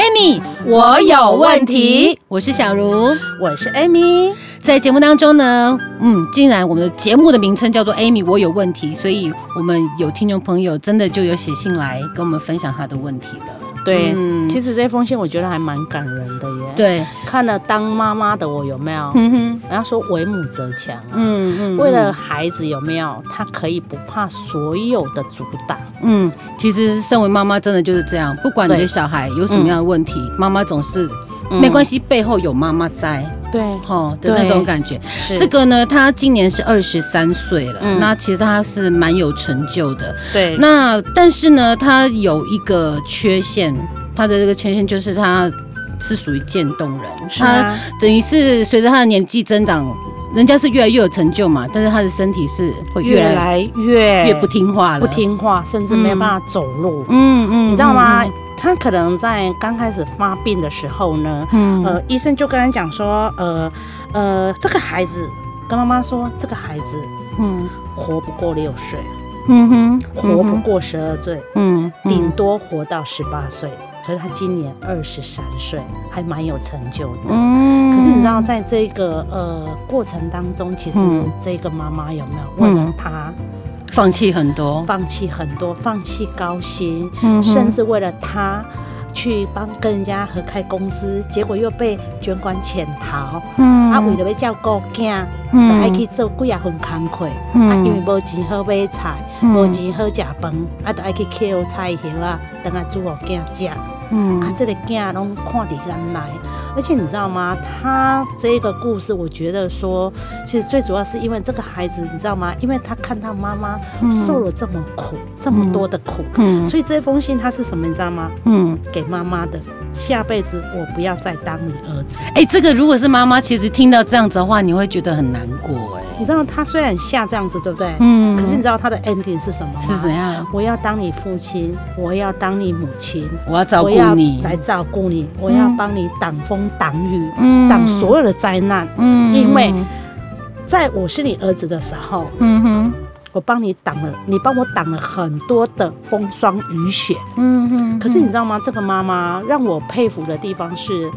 艾米，Amy，我有問題。我是小茹，我是 Amy。在節目當中呢，嗯，既然我們的節目的名稱叫做《Amy，我有問題》，所以我們有聽眾朋友真的就有寫信來跟我們分享他的問題了。嗯、對，其實這封信我覺得還蠻感人的耶。對，看了當媽媽的我有沒有？人家、嗯、哼說為母則強、啊嗯，嗯嗯，為了孩子有沒有？她可以不怕所有的阻擋。嗯，其實身為媽媽真的就是這樣，不管你的小孩有什麼樣的問題，嗯、媽媽總是。沒關係，背後有媽媽在，對，吼的那種感覺。這個呢，他今年是二十三歲了，嗯、那其實他是蠻有成就的，對。那但是呢，他有一個缺陷，他的這個缺陷就是他是屬於漸凍人，他、啊、等於是隨着他的年紀增長。人家是越來越有成就嘛，但是他的身體是會越來越來越，越不聽話了，不聽話，甚至沒有辦法走路。嗯嗯，嗯嗯你知道嗎？他可能在剛開始發病的時候呢，嗯呃，醫生就跟他講說，呃呃，這個孩子跟媽媽說，這個孩子嗯，活不過六歲，嗯哼，活不過十二歲嗯，嗯，頂多活到十八歲。嗯嗯、可是他今年二十三歲，還蠻有成就的。嗯。可是然後在這個呃過程當中，其實這個媽媽有沒有、嗯、為了他放棄很,很多？放棄很多，放棄高薪，嗯、哼甚至為了他去幫跟人家合開公司，結果又被卷款潛逃。伊為了、嗯啊、要照顧囝，嗯、就愛去做幾啊份工課，嗯、啊因為無錢好買菜，無、嗯、錢好食飯，啊就愛去撿菜行啊，等下煮給囝食。嗯、啊這個囝都看得眼淚。而且你知道嗎？他這一個故事，我覺得說，其實最主要是因為這個孩子，你知道嗎？因為他看他媽媽受了這麼苦，嗯、這麼多的苦，嗯，嗯所以這封信他是什麼？你知道嗎？嗯，給媽媽的。下輩子我不要再當你兒子。哎、欸，這個如果是媽媽，其實聽到這樣子的話，你會覺得很難過、欸。哎，你知道他雖然下這樣子，對不對？嗯。可是你知道他的 ending 是什麼嗎？是怎樣？我要當你父親，我要當你母親，我要照顧你，來照顧你，我要幫你擋風，擋雨，擋所有的災難。嗯，因為在我是你兒子的時候，嗯哼，我幫你擋了，你幫我擋了很多的風霜雨雪。嗯哼。可是你知道嗎？這個媽媽讓我佩服的地方是，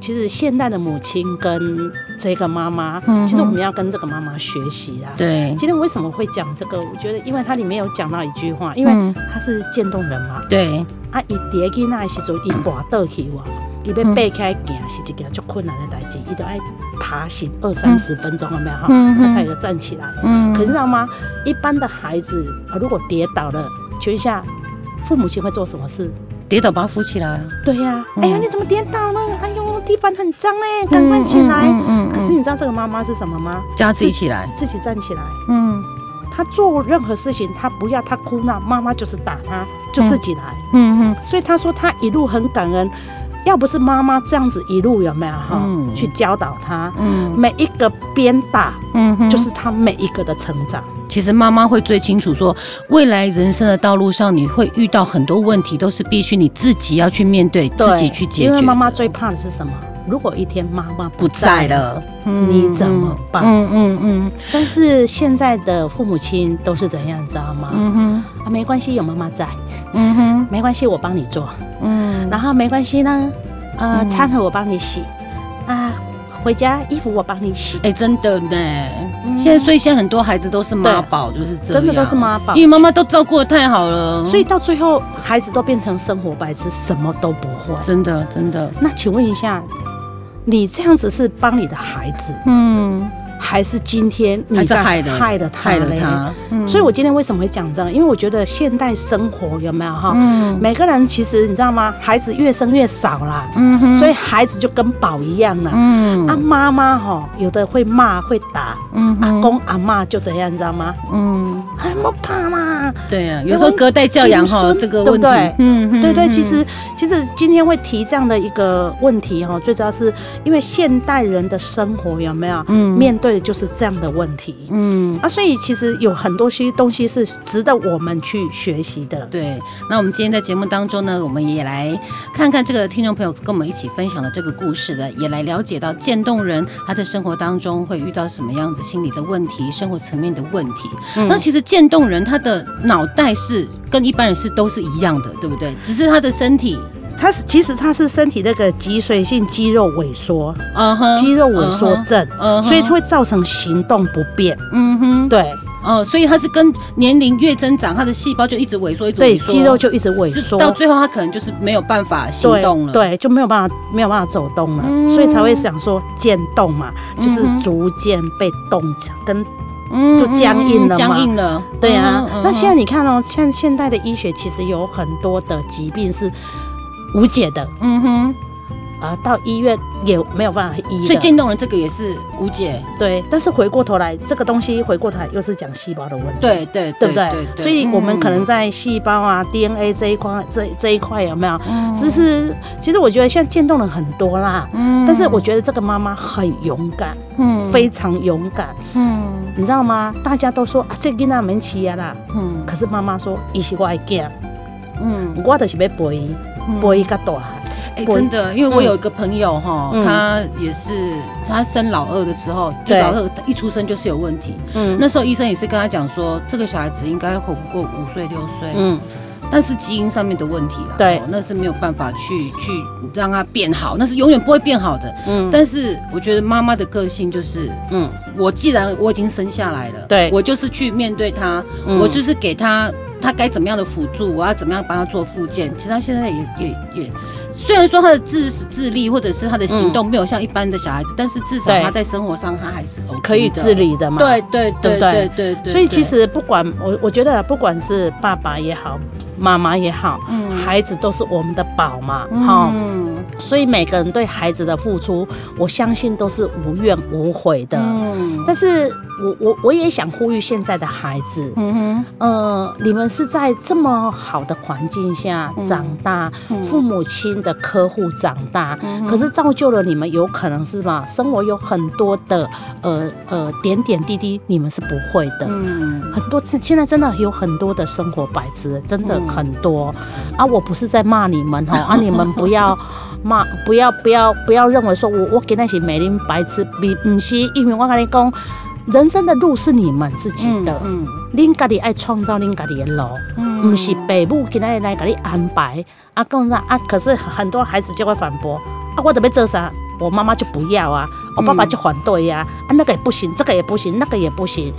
其實現代的母親跟這個媽媽，其實我們要跟這個媽媽學習啊。對。今天為什麼會講這個？我覺得，因為它裡面有講到一句話，因為她是漸凍人嘛。對。啊，一跌去那時就一寡倒起我。裡、嗯、要背開行是一個就困難的代志，伊要愛爬行二三十分鐘，有沒有哈，嗯嗯、他才要站起來。嗯嗯、可是知道嗎？一般的孩子，如果跌倒了，請問一下，父母親會做什麼事？跌倒把他扶起來了。對呀、啊，嗯、哎呀，你怎麼跌倒了？哎呦，地板很髒哎，趕快起來。嗯。嗯嗯嗯嗯可是你知道這個媽媽是什麼嗎？叫他自己起來，自己站起來。嗯。他做任何事情，他不要他哭鬧，媽媽就是打他，就自己來。嗯嗯。嗯嗯嗯所以他說他一路很感恩。要不是媽媽這樣子一路有沒有哈？嗯，去教導他，嗯，每一個鞭打，嗯哼，就是他每一個的成長。其實媽媽會最清楚，說未來人生的道路上，你會遇到很多問題，都是必須你自己要去面對，對，自己去解決。因為媽媽最怕的是什麼？如果一天媽媽不在了，你怎麼辦？嗯嗯嗯。但是現在的父母親都是怎樣，知道嗎？嗯嗯。沒關係，有媽媽在。嗯哼。沒關係，我幫你做。嗯。然後沒關係呢？呃，餐盒我幫你洗。啊，回家衣服我幫你洗。哎，真的呢。現在所以現在很多孩子都是媽寶，就是真的都是媽寶，因為媽媽都照顧得太好了，所以到最後孩子都變成生活白痴，什麼都不會。真的，真的。那請問一下。你這樣子是幫你的孩子，嗯。還是今天你害的太累了，所以我今天為什麼會講這樣？因為我覺得現代生活有沒有哈？嗯，每個人其實你知道嗎？孩子越生越少啦，嗯，所以孩子就跟寶一樣啦，嗯，啊媽媽哈有的會罵會打，嗯，阿公阿媽就怎樣，你知道嗎？嗯，哎莫怕啦。對呀，有時候隔代教養哈，說這個對不對？嗯嗯，對對，其實其實今天會提這樣的一個問題哈，最主要是因為現代人的生活有沒有？嗯，面對。對，就是這樣的問題。嗯，啊，所以其實有很多些東西是值得我們去學習的。對，那我們今天在節目當中呢，我們也來看看這個聽眾朋友跟我們一起分享的這個故事的，也來了解到漸凍人他在生活當中會遇到什麼樣子心理的問題、生活層面的問題。嗯，那其實漸凍人他的腦袋是跟一般人是都是一樣的，對不對？只是他的身體。它是其實它是身體那個脊髓性肌肉萎縮，嗯哼、uh，huh, 肌肉萎縮症，嗯、uh，huh, uh huh. 所以它會造成行動不便，嗯哼、uh，huh. 對，嗯、uh，huh. 所以它是跟年齡越增長，它的細胞就一直萎縮，一直對，肌肉就一直萎縮，到最後它可能就是沒有辦法行動了，對，對，就沒有辦法沒有辦法走動了，uh huh. 所以才會想說漸凍嘛，就是逐漸被凍僵，跟、uh huh. 就僵硬了嘛，uh huh. 僵硬了，對啊，uh huh. 那現在你看哦，像現代的醫學其實有很多的疾病是。無解的，嗯哼，啊，到醫院也沒有辦法醫，所以漸凍人這個也是無解。對，但是回過頭來來，這個東西回過頭來又是講細胞的問題。對對對，對不對？所以我們可能在細胞啊、DNA 這一塊、這這一塊有沒有？嗯。其實，其實我覺得現在漸凍人很多啦。嗯。但是我覺得這個媽媽很勇敢，嗯，非常勇敢，嗯，你知道嗎？大家都說啊，這個囡仔免吃啦，嗯，可是媽媽說，伊是我的囡，嗯，我就是要陪伊。背一大，多、嗯欸。真的，因為我有一個朋友、嗯、他也是他生老二的時候，對就老二一出生就是有問題，嗯、那時候醫生也是跟他講說，這個小孩子應該活不過五歲六歲。歲嗯。但是基因上面的問題啊，對、哦，那是沒有辦法去去讓他變好，那是永遠不會變好的。嗯，但是我覺得媽媽的個性就是，嗯，我既然我已經生下來了，對，我就是去面對他，嗯、我就是給他他該怎麼樣的輔助，我要怎麼樣幫他做復健。其實他現在也也也，雖然說他的智智力或者是他的行動沒有像一般的小孩子，嗯、但是至少他在生活上他還是、OK 的欸、可以自理的嘛。對對對對對對，對對所以其實不管我，我覺得不管是爸爸也好。媽媽也好，孩子都是我們的寶嘛，哈。嗯所以每個人對孩子的付出，我相信都是無怨無悔的。嗯，但是我我我也想呼籲現在的孩子，嗯哼，呃，你們是在這麼好的環境下長大，父母親的呵護長大，可是造就了你們有可能是吧？生活有很多的，呃呃，點點滴滴，你們是不會的。嗯，很多現在真的有很多的生活白癡，真的很多。啊，我不是在罵你們哈，啊，你們不要。 媽，不要不要不要認為說我我給那些美林白癡，比不是，因為我跟你講，人生的路是你們自己的，嗯，恁家己愛創造你家己的路，嗯，不是父母給恁來給你安排，啊，講啥啊？可是很多孩子就會反駁，啊，我得要做啥？我媽媽就不要啊，我爸爸就反對呀，啊，嗯、啊，那個也不行，這個也不行，那個也不行。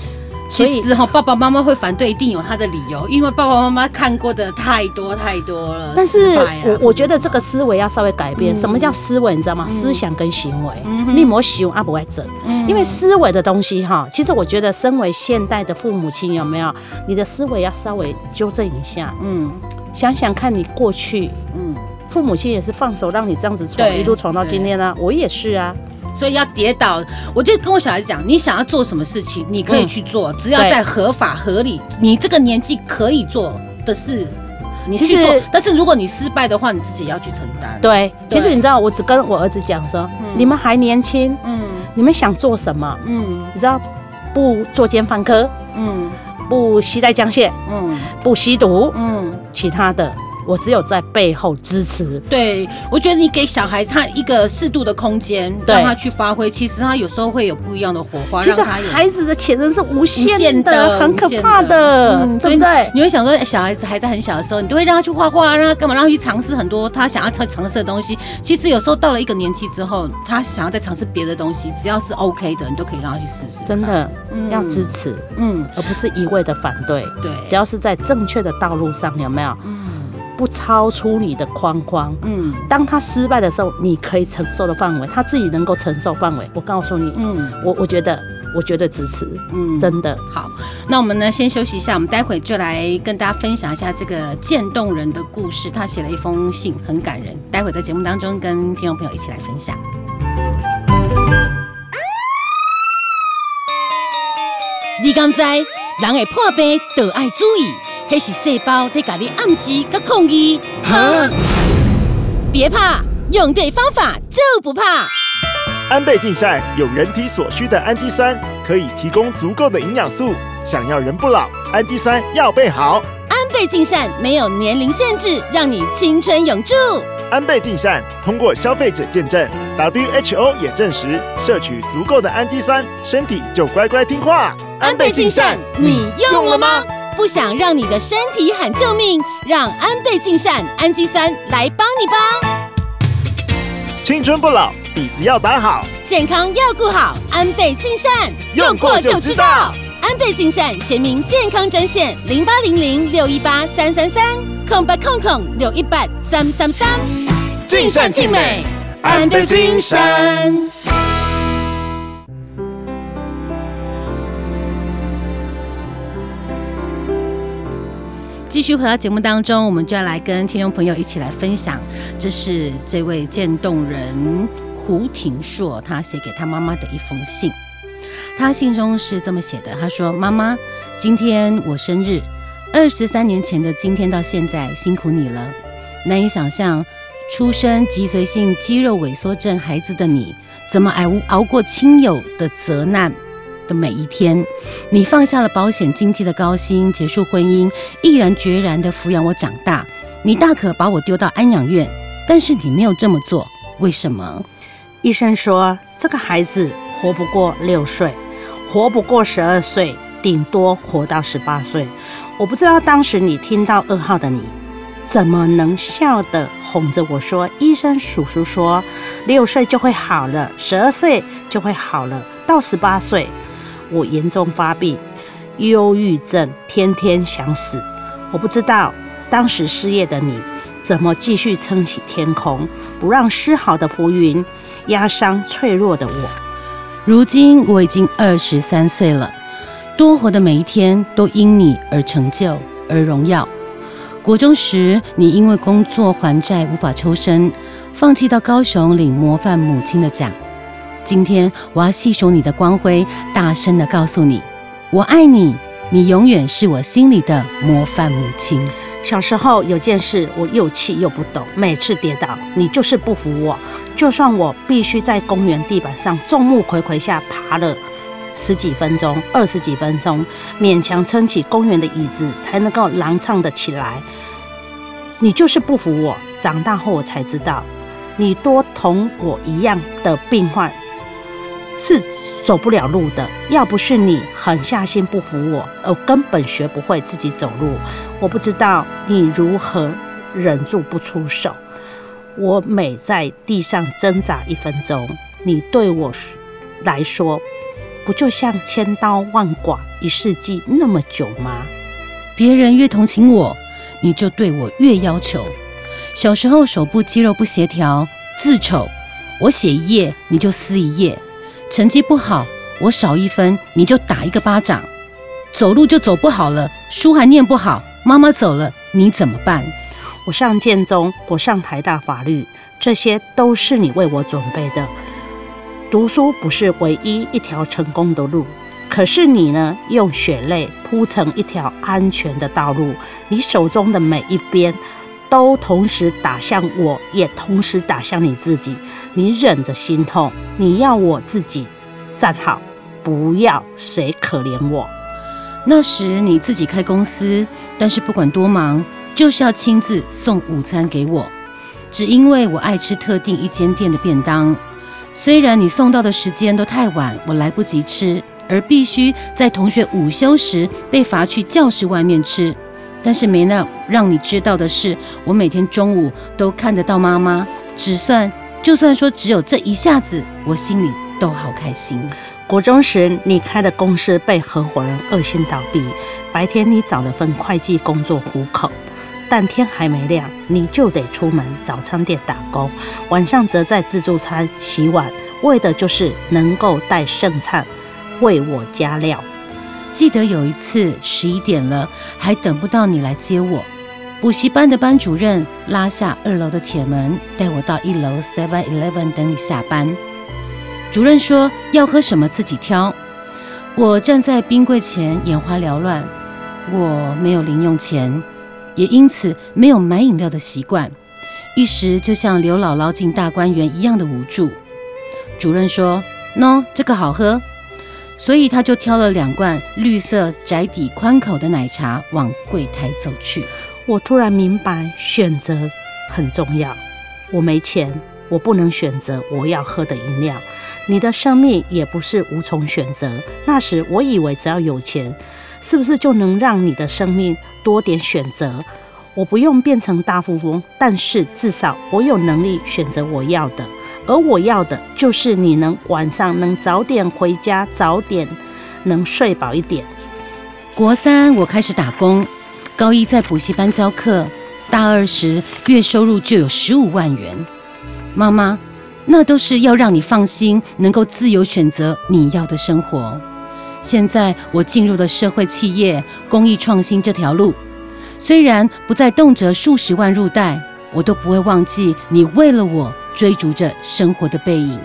所以之後，爸爸媽媽會反對，一定有他的理由，因為爸爸媽媽看過的太多太多了。但是我我覺得這個思維要稍微改變。什麼叫思維？你知道嗎？思想跟行為，你莫修阿伯愛整。因為思維的東西哈，其實我覺得身為現代的父母親，有沒有你的思維要稍微糾正一下？嗯，想想看你過去，嗯，父母親也是放手讓你這樣子闖，一路闖到今天呢。我也是啊。所以要跌倒，我就跟我小孩子講：你想要做什麼事情，你可以去做，只要在合法合理，你這個年紀可以做的事，你去做。但是如果你失敗的話，你自己要去承擔。對，其實你知道，我只跟我兒子講說：你們還年輕，嗯，你們想做什麼，嗯，你知道，不作奸犯科，嗯，不攜帶槍械，嗯，不吸毒，嗯，其他的。我只有在背後支持。對，我覺得你給小孩他一個適度的空間，讓他去發揮。其實他有時候會有不一樣的火花。其實孩子的潛能是無限的，很可怕的，對。你會想說，小孩子還在很小的時候，你都會讓他去畫畫，讓他幹嘛？讓他去嘗試很多他想要嘗嘗試的東西。其實有時候到了一個年紀之後，他想要再嘗試別的東西，只要是 OK 的，你都可以讓他去試試。真的，要支持，嗯，而不是一味的反對。對，只要是在正確的道路上，有沒有？不超出你的框框，嗯，當他失敗的時候，你可以承受的範圍，他自己能夠承受範圍。我告訴你，嗯、我我覺得，我覺得支持，嗯，真的好。那我們呢，先休息一下，我們待會就來跟大家分享一下這個漸凍人的故事。他寫了一封信，很感人，待會在節目當中跟聽眾朋友一起來分享。你敢知，人會破病，得愛注意。那是細胞在給你暗示和控議。哈！啊、別怕，用對方法就不怕。安倍進善有人體所需的氨基酸，可以提供足夠的營養素。想要人不老，氨基酸要備好。安倍進善沒有年齡限制，讓你青春永駐。安倍進善通過消費者見證，WHO 也證實，攝取足夠的氨基酸，身體就乖乖聽話。安倍進善，善你用了嗎？不想讓你的身體喊救命，讓安倍晉善氨基酸來幫你吧。青春不老，底子要擺好，健康要顧好。安倍晉善用過就知道。安倍晉善全民健康專線零八零零六一八三三三，空八空空六一八三三三，3，晉善晉美，安倍晉善。繼續回到節目當中，我們就要來跟聽眾朋友一起來分享，這是這位漸凍人胡廷碩他寫給他媽媽的一封信。他信中是這麼寫的：“他說，媽媽，今天我生日，二十三年前的今天到現在，辛苦你了。難以想象，出生脊髓性肌肉萎縮症孩子的你，怎麼熬過親友的責難。”每一天，你放下了保險經紀的高薪，結束婚姻，毅然決然地撫養我長大。你大可把我丟到安養院，但是你沒有這麼做。為什麼？醫生說這個孩子活不過六歲，活不過十二歲，頂多活到十八歲。我不知道當時你聽到噩耗的你，怎麼能笑得哄着我說：“醫生叔叔說，六歲就會好了，十二歲就會好了，到十八歲。”我嚴重發病，憂鬱症，天天想死。我不知道當時失業的你，怎麼繼續撐起天空，不讓絲毫的浮雲壓傷脆弱的我。如今我已經二十三歲了，多活的每一天都因你而成就而榮耀。國中時，你因為工作還債無法抽身，放棄到高雄領模範母親的獎。今天我要細數你的光輝，大聲的告訴你，我愛你，你永遠是我心裡的模範母親。小時候有件事，我又氣又不懂，每次跌倒，你就是不扶我，就算我必須在公園地板上，眾目睽睽下爬了十幾分鐘、二十幾分鐘，勉強撐起公園的椅子，才能夠踉蹌的起來，你就是不扶我。長大後我才知道，你多同我一樣的病患，是走不了路的。要不是你狠下心不扶我，我根本學不會自己走路。我不知道你如何忍住不出手。我每在地上掙扎一分鐘，你對我來說不就像千刀萬剮一世紀那麼久嗎？別人越同情我，你就對我越要求。小時候手部肌肉不協調，字醜，我寫一頁你就撕一頁。成績不好，我少一分你就打一個巴掌；走路就走不好了，書還念不好。媽媽走了，你怎麼辦？我上建中，我上台大法律，這些都是你為我準備的。讀書不是唯一一條成功的路，可是你呢？用血淚鋪成一條安全的道路，你手中的每一邊都同時打向我，也同時打向你自己。你忍着心痛，你要我自己站好，不要誰可憐我。那時你自己開公司，但是不管多忙，就是要親自送午餐給我，只因為我愛吃特定一間店的便當。雖然你送到的時間都太晚，我來不及吃，而必須在同學午休時被罰去教室外面吃。但是沒能讓你知道的是，我每天中午都看得到媽媽，只算，就算說只有這一下子，我心裡都好開心。國中時，你開的公司被合夥人惡性倒閉，白天你找了份會計工作糊口，但天還沒亮你就得出門早餐店打工，晚上則在自助餐洗碗，為的就是能夠帶剩菜，為我加料。記得有一次十一點了，還等不到你來接我。補習班的班主任拉下二樓的鐵門，帶我到一樓 Seven Eleven 等你下班。主任說要喝什麼自己挑。我站在冰櫃前眼花繚亂，我沒有零用錢，也因此沒有買飲料的習慣，一時就像劉姥姥進大觀園一樣的無助。主任說：喏，這個好喝。所以他就挑了兩罐綠色窄底寬口的奶茶，往櫃檯走去。我突然明白，選擇很重要。我沒錢，我不能選擇我要喝的飲料。你的生命也不是無從選擇。那時我以為，只要有錢，是不是就能讓你的生命多點選擇？我不用變成大富翁，但是至少我有能力選擇我要的。而我要的就是你能晚上能早點回家，早點能睡飽一點。國三我開始打工，高一在補習班教課，大二時月收入就有十五萬元。媽媽，那都是要讓你放心，能夠自由選擇你要的生活。現在我進入了社會企業、公益創新這條路，雖然不再動輒數十萬入袋，我都不會忘記你為了我。追逐着生活的背影，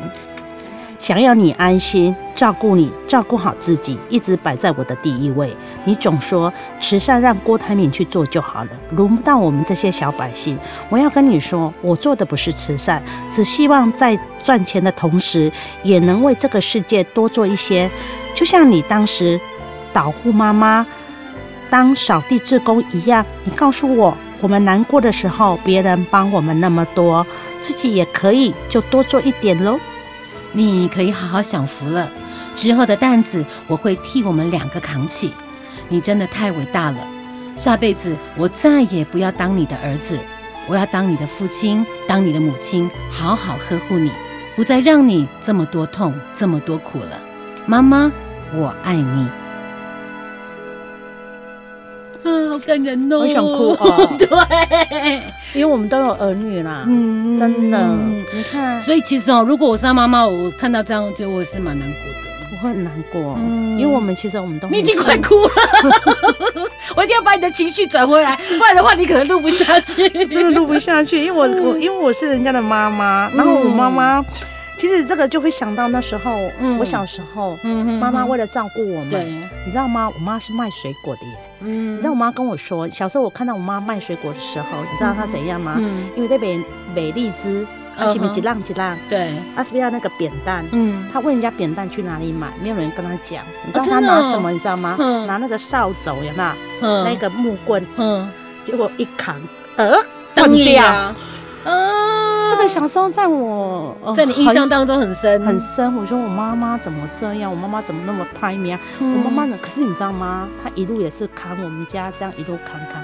想要你安心，照顧你，照顧好自己，一直擺在我的第一位。你總說慈善讓郭台銘去做就好了，輪不到我們這些小百姓。我要跟你說，我做的不是慈善，只希望在賺錢的同時，也能為這個世界多做一些。就像你當時導護媽媽、當掃地志工一樣，你告訴我，我們難過的時候，別人幫我們那麼多。自己也可以，就多做一點嘍。你可以好好享福了，之後的擔子我會替我們兩個扛起。你真的太偉大了，下輩子我再也不要當你的兒子，我要當你的父親，當你的母親，好好呵護你，不再讓你這麼多痛，這麼多苦了。媽媽，我愛你。啊，好感人哦，好想哭哦。 對，因為我們都有兒女啦，嗯，真的，嗯、你看。所以其實哦、喔，如果我是他媽媽，我看到這樣我覺得，我是蠻難過的，我會很難過。嗯，因為我們其實我們都……你已經快哭了， 我一定要把你的情緒轉回來，不然的話你可能錄不下去， 真的錄不下去。因為我我、嗯、因為我是人家的媽媽，然後我媽媽。其實這個就會想到，那時候我小時候媽媽為了照顧我們，你知道嗎？我媽是賣水果的耶。你知道我媽跟我說，小時候我看到我媽賣水果的時候，你知道她怎樣嗎？因為那邊賣荔枝，而且美吉浪吉浪，對，是不是要那個扁擔，嗯，她問人家扁擔去哪裡買，沒有人跟她講。你知道她拿什麼？你知道嗎？拿那個掃帚，有沒有？那個木棍，嗯，結果一扛，呃，很亮，嗯。小時候，在我，嗯、在你印象當中很深很深。我說，我媽媽怎麼這樣？我媽媽怎麼那麼拍你啊，嗯、我媽媽，可是你知道嗎？她一路也是扛我們家，這樣一路扛扛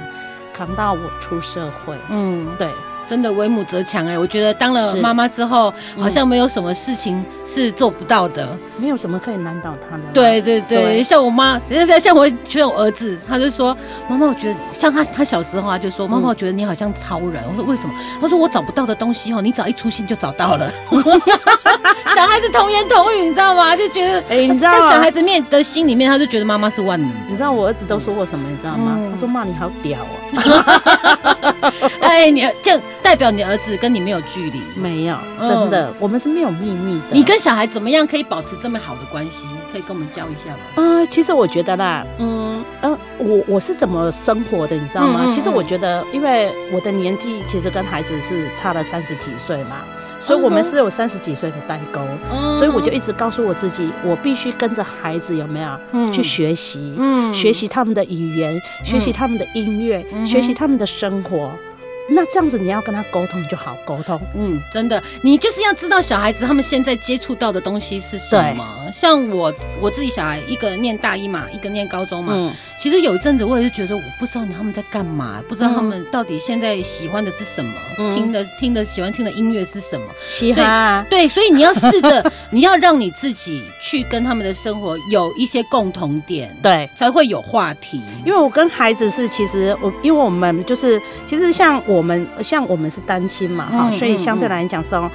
扛到我出社會。嗯，對。真的為母則強哎、欸，我覺得當了媽媽之後，嗯、好像沒有什麼事情是做不到的，沒有什麼可以難倒他的對。對對對，對像我媽，像我像我，像我兒子，他就說，媽媽，我覺得像他，他小時候啊，就說，媽媽，我覺得你好像超人。嗯、我說為什麼？他說我找不到的東西哦，你只要一出現就找到了。 小孩子童言童語，你知道嗎？就覺得，哎、欸，你知道嗎，在小孩子面的心裡面，他就覺得媽媽是萬能。你知道我兒子都說過什麼？嗯、你知道嗎？都罵你好屌啊、喔！ 哎，你就代表你兒子跟你沒有距離，沒有，真的，嗯、我們是沒有秘密的。你跟小孩怎麼樣可以保持這麼好的關係？可以跟我們教一下嗎？啊、呃，其實我覺得啦，嗯嗯，呃、我我是怎麼生活的，你知道嗎？嗯嗯嗯其實我覺得，因為我的年紀其實跟孩子是差了三十幾歲嘛。所以，我們是有三十幾歲的代溝，uh huh. 所以我就一直告訴我自己，我必須跟着孩子，有沒有？Uh huh. 去學習，uh huh. 學習他們的語言，學習他們的音樂，uh huh. 學習他們的生活。那這樣子，你要跟他溝通就好溝通。嗯，真的，你就是要知道小孩子他們現在接觸到的東西是什麼。像我我自己小孩一個念大一嘛，一個念高中嘛。嗯、其實有一陣子我也是覺得，我不知道你他們在幹嘛，嗯、不知道他們到底現在喜歡的是什麼，嗯、聽的聽的喜歡聽的音樂是什麼。喜歡啊哈，對，所以你要試着， 你要讓你自己去跟他們的生活有一些共同點，對，才會有話題。因為我跟孩子是，其實我因為我們就是，其實像我們像我們是單親嘛，哈、嗯，所以相對來講說。嗯嗯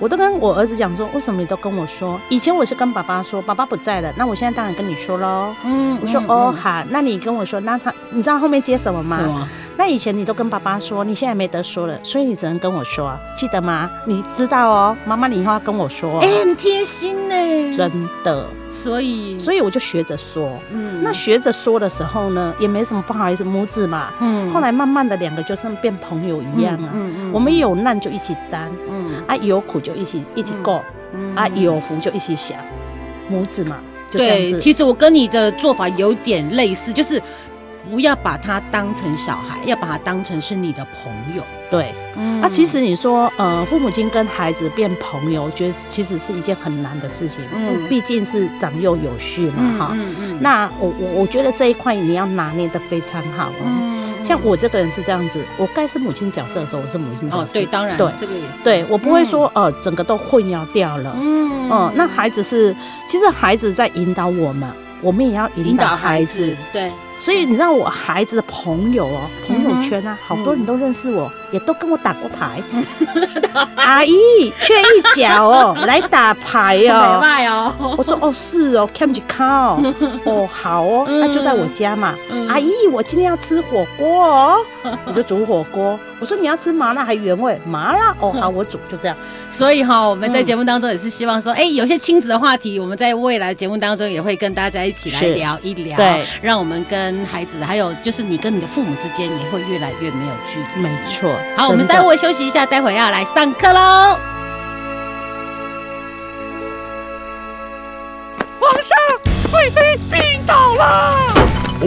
我都跟我兒子講說，為什麼你都跟我說？以前我是跟爸爸說，爸爸不在了，那我現在當然跟你說嘍。嗯，嗯。嗯，我說哦好，那你跟我說，那他，你知道後面接什麼嗎？嗎？那以前你都跟爸爸說，你現在沒得說了，所以你只能跟我說，記得嗎？你知道哦，媽媽，你以後要跟我說，哎，很貼心呢，真的。所以，所以我就學着說，嗯，那學着說的時候呢，也沒什麼不好意思，母子嘛，嗯，後來慢慢的兩個就像變朋友一樣啊。嗯，嗯嗯，我們有難就一起擔，嗯啊，有苦就一起一起過，嗯啊，有福就一起享，母子嘛，就這樣子。對，其實我跟你的做法有點類似，就是。不要把他當成小孩，要把他當成是你的朋友。對，啊，其實你說，呃，父母親跟孩子變朋友，我覺得其實是一件很難的事情。嗯，畢竟是長幼有序嘛，哈。嗯嗯。那我我我覺得這一塊你要拿捏得非常好。嗯。像我這個人是這樣子，我該是母親角色的時候，我是母親角色。對，當然。對，這個也是。對，我不會說，呃，整個都混淆掉了。嗯。那孩子是，其實孩子在引導我們，我們也要引導孩子。對。所以你讓我孩子的朋友哦。朋友圈啊，好多人都認識我，也都跟我打過牌。阿姨，缺一腳哦，來打牌哦。沒賣哦。我說哦，是哦 c a m j r i Cow。哦，好哦，那就在我家嘛。阿姨，我今天要吃火鍋哦。我就煮火鍋。我說，你要吃麻辣還原味？麻辣哦，好，我煮就這樣。所以哈，我們在節目當中也是希望說，哎，有些親子的話題，我們在未來節目當中也會跟大家一起來聊一聊，對，讓我們跟孩子，還有就是你跟你的父母之間也會。越來越沒有劇錯，沒錯。好，的我們三位休息一下，待會要來上課嘍。皇上，貴妃病倒了。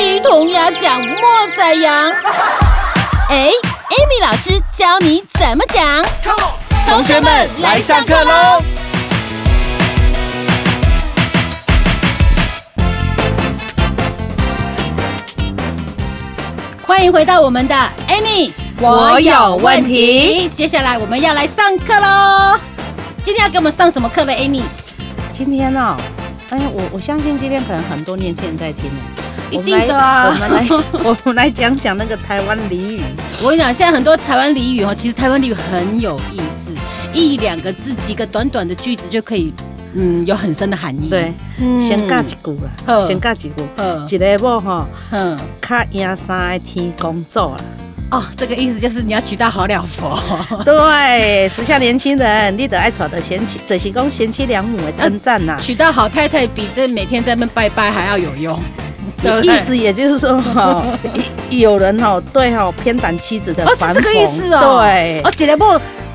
雞同鴨講莫宰羊，哎、欸、Amy 老師教你怎麼講？同學們來上課嘍！歡迎回到我們的 Amy，我有問題。問題，接下來我們要來上課嘍，今天要給我們上什麼課呢？Amy，今天呢、哦？哎，我我相信今天可能很多年輕人在聽呢。一定的啊，我們來，我們來講講那個台灣俚語。我跟你講，現在很多台灣俚語哦，其實台灣俚語很有意思，一兩個字，幾個短短的句子就可以，嗯，有很深的含義。對，先講幾個啦，先講幾個。嗯，今日我哈，看因三一天工作了。哦，這個意思就是你要娶到好老婆。對，時下年輕人，你得愛娶得賢妻，就是講賢妻良母的稱讚吶。娶到好太太，比這每天在那拜拜還要有用。意思對對，也就是說、哦，哈， 有人哈、哦、對哈、哦、偏袒妻子的，哦，是這個意思哦，對，而且呢，不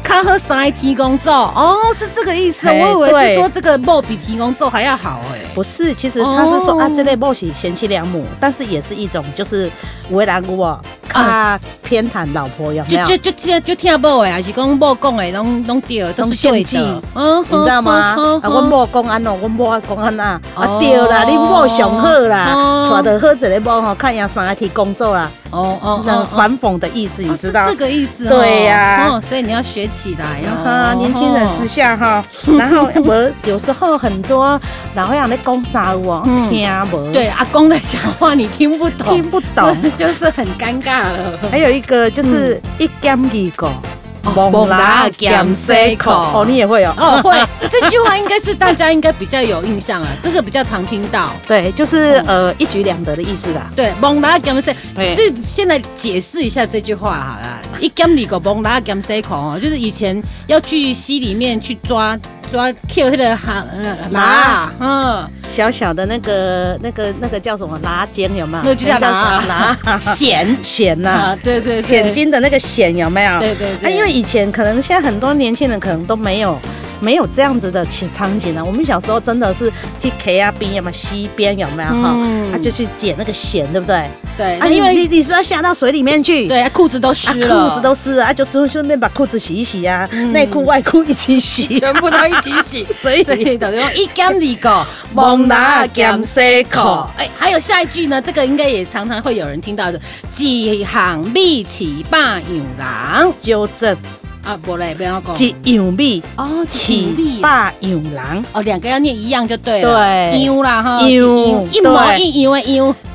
看和三天公祖，哦，是這個意思，欸、我以為對是說這個母比天公祖還要好、啊。不是，其實他是說、哦、啊，這類某許賢妻良母，但是也是一種就是為難我，他偏袒老婆有沒有、啊、就就就，就聽就聽某誒，還是講某講的攏攏對，攏陷阱，嗯，哦、你知道嗎？哦哦、啊，我某講安怎，我某講安怎，哦、啊對啦，你某上好啦，娶到、哦、好一個某吼，看下三下工作啦。哦哦，反、哦、諷的意思，哦、你知道、啊、這個意思、哦？對呀、啊哦，所以你要學起來、哦。哈、嗯、年輕人私下哈。哦、然後我、嗯嗯、有時候很多老樣的公沙王聽無、嗯，對阿公的講話你聽不懂，聽不懂就是很尷尬了。還有一個就是一講二個。嗯猛拉 gamseko 哦，S, 哦，你也會哦哦會這句話應該是大家應該比較有印象啊， 這個比較常聽到，對，就是、嗯、呃一舉兩得的意思啦。對，猛拉 gamseko，是現在解釋一下這句話好了，一 gam 里個猛拉 gamseko 哦，就是以前要去溪裡面去抓。主 Q 那個哈、啊、嗯，小小的那個那個那個叫什麼拉筋，有沒有？那就叫拿拉，咸咸吶，對對咸筋的那個咸有沒有？對對，對，那、啊、因為以前可能現在很多年輕人可能都沒有。沒有這樣子的場景、啊、我們小時候真的是去 k 啊冰，啊、嘛溪邊有沒有哈？他、嗯啊、就去撿那個蜆，對不對？對。啊，因為你你說要下到水裡面去，對、啊，褲子都濕了，啊、褲子都濕了啊，就順順便把褲子洗一洗啊，嗯、內褲外褲一起洗，全部都一起洗。 所以，就說一兼二顧，摸蜆仔兼洗褲，哎，還有下一句呢？這個應該也常常會有人聽到的。幾行密旗扮遊狼，就這啊，不嘞，不要講。一樣米、啊、哦，七、百樣人哦，兩個要念一樣就對了。對，一模一樣啊樣，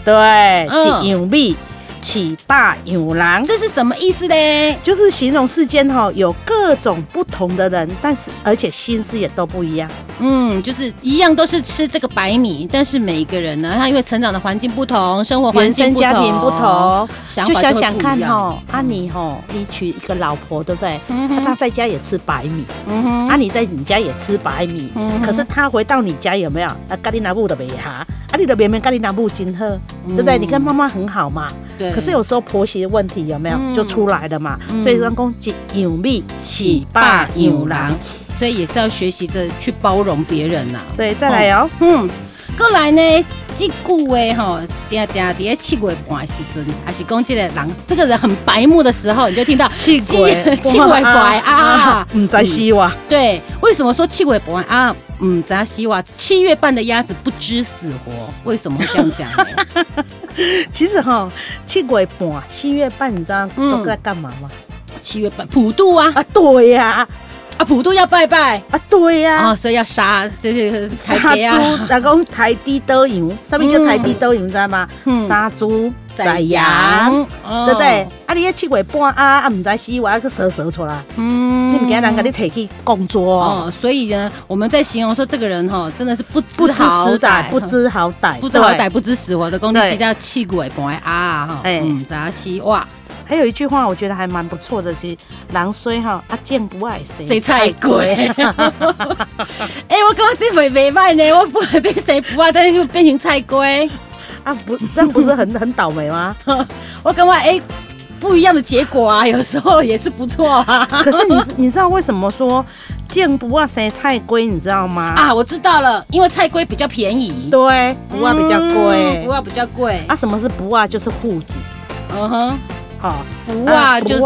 對，一樣米。嗯起霸有狼，這是什麼意思呢？就是形容世間哈、喔、有各種不同的人，但是而且心思也都不一樣。嗯，就是一樣都是吃這個白米，但是每一個人呢，他因為成長的環境不同，生活環境、家庭不同，想，就不就想想看哈、喔，阿、嗯啊、你哈、喔，你娶一個老婆對不對？他他、嗯哼啊、在家也吃白米，嗯哼，阿、啊、你在你家也吃白米，嗯、哼可是他回到你家有沒有？啊咖喱拿布的米哈，阿、啊、你的妹妹咖喱拿布金喝，嗯、對不對？你跟媽媽很好嘛？對。可是有時候婆媳的問題有沒有就出來了嘛？嗯、所以講公雞有蜜，欺霸有狼，所以也是要學習着去包容別人吶。對，再來、喔、哦，嗯，過來呢，這句誒吼第二第二，第二七月半時陣，還是講這個狼，這個人很白目的時候，你就聽到七月七月半啊，啊，啊，啊，唔知死哇。對，為什麼說七月半啊？嗯，唔知死七月半的鴨子不知死活，為什麼會這樣講呢？ 其實哈，七月半，七月半，你知道、嗯、都在幹嘛嗎？七月半普渡啊，啊，對呀、啊。啊，普渡要拜拜啊，對呀，啊，所以要殺，就是殺豬，講台地斗羊，啥物叫台地斗羊，你知道嗎？殺豬宰羊，對不對？啊，你一七月半鴨，啊，唔知死活去掃掃出來，嗯，你唔驚人家你提起公哦，所以呢，我們在形容說這個人哈，真的是不知好歹，不知好歹，不知好歹，不知死活的公地雞叫七月半鴨，哈，哎，唔知死哇。還有一句話，我覺得還蠻不錯的。其實狼衰哈，啊，劍不愛誰，誰菜龜。哎、 欸，我感覺這回沒敗呢，我不被誰不外，但是就變成菜龜啊不，這樣不是很 很倒霉嗎？ 我感覺哎、欸，不一樣的結果啊，有時候也是不錯啊。 可是你你知道為什麼說劍不外誰菜龜，菜你知道嗎？啊，我知道了，因為菜龜比較便宜，對，不外、嗯啊、比較貴，不外、嗯啊、比較貴。啊，什麼是不外、啊？就是瓠子。嗯哼。好胡啊，就是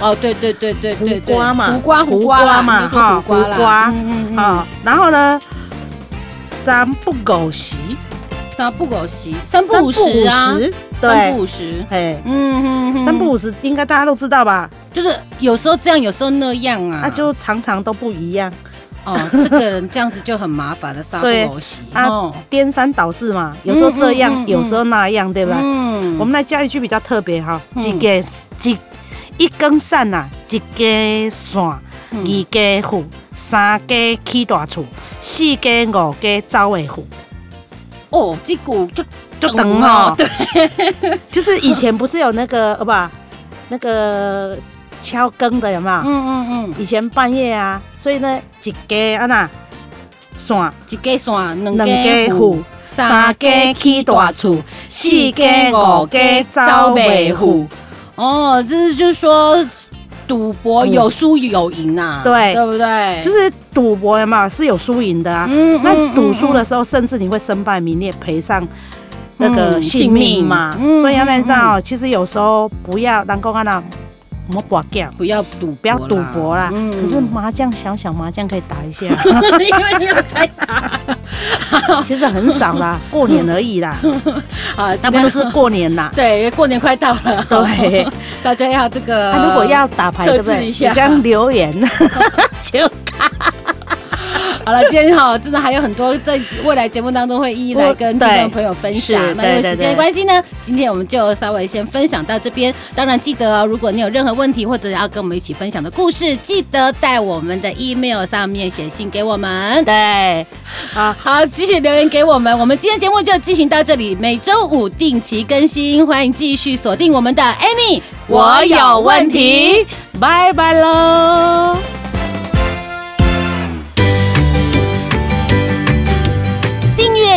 哦，對對對對對對，瓜嘛，胡瓜胡瓜嘛，哈，胡瓜，嗯嗯嗯，啊，然後呢，三不狗食，三不狗食，三不五時，三不五時，嘿，嗯嗯，三不五時，應該大家都知道吧？就是有時候這樣，有時候那樣啊，那就常常都不一樣。 哦，這個人這樣子就很麻煩的，朝三暮四啊，顛三、哦、倒四嘛，有時候這樣，嗯嗯嗯嗯、有時候那樣，對吧？嗯，我們來加一句比較特別哈、嗯，一家、啊、一更三一根線啊一家線，嗯、二家戶，三家起大厝，四家五家招外戶。哦，這個就就等哦，對，就是以前不是有那個 好不好，那個。敲更的有沒有？嗯嗯嗯，以前半夜啊，所以呢，一家啊那算一家算，兩家富，三家起大厝，四家五家走不富。哦，這是就是說賭博有輸有贏啊，對對不對？就是賭博嘛，是有輸贏的啊？嗯，那賭輸的時候，甚至你會身敗名裂，賠上那個性命嘛。所以要認知道，其實有時候不要當公安哪。我不要賭，不要賭博啦。博啦，嗯、可是麻將，小小麻將可以打一下， 因為你要在打，其實很少啦，過年而已啦。啊， 那不都是過年啦。對，過年快到了。對， 大家要這個、啊。如果要打牌，對不對？你剛留言就 好了，今天好，真的還有很多在未來節目當中會一一來跟聽眾朋友分享。那因為時間的關係呢，對對對，今天我們就稍微先分享到這邊。當然記得哦，如果你有任何問題或者要跟我們一起分享的故事，記得在我們的 email 上面寫信給我們。對，好，好，繼續留言給我們。我們今天節目就進行到這裡，每周五定期更新，歡迎繼續鎖定我們的 Amy。我有問題，問題，拜拜嘍。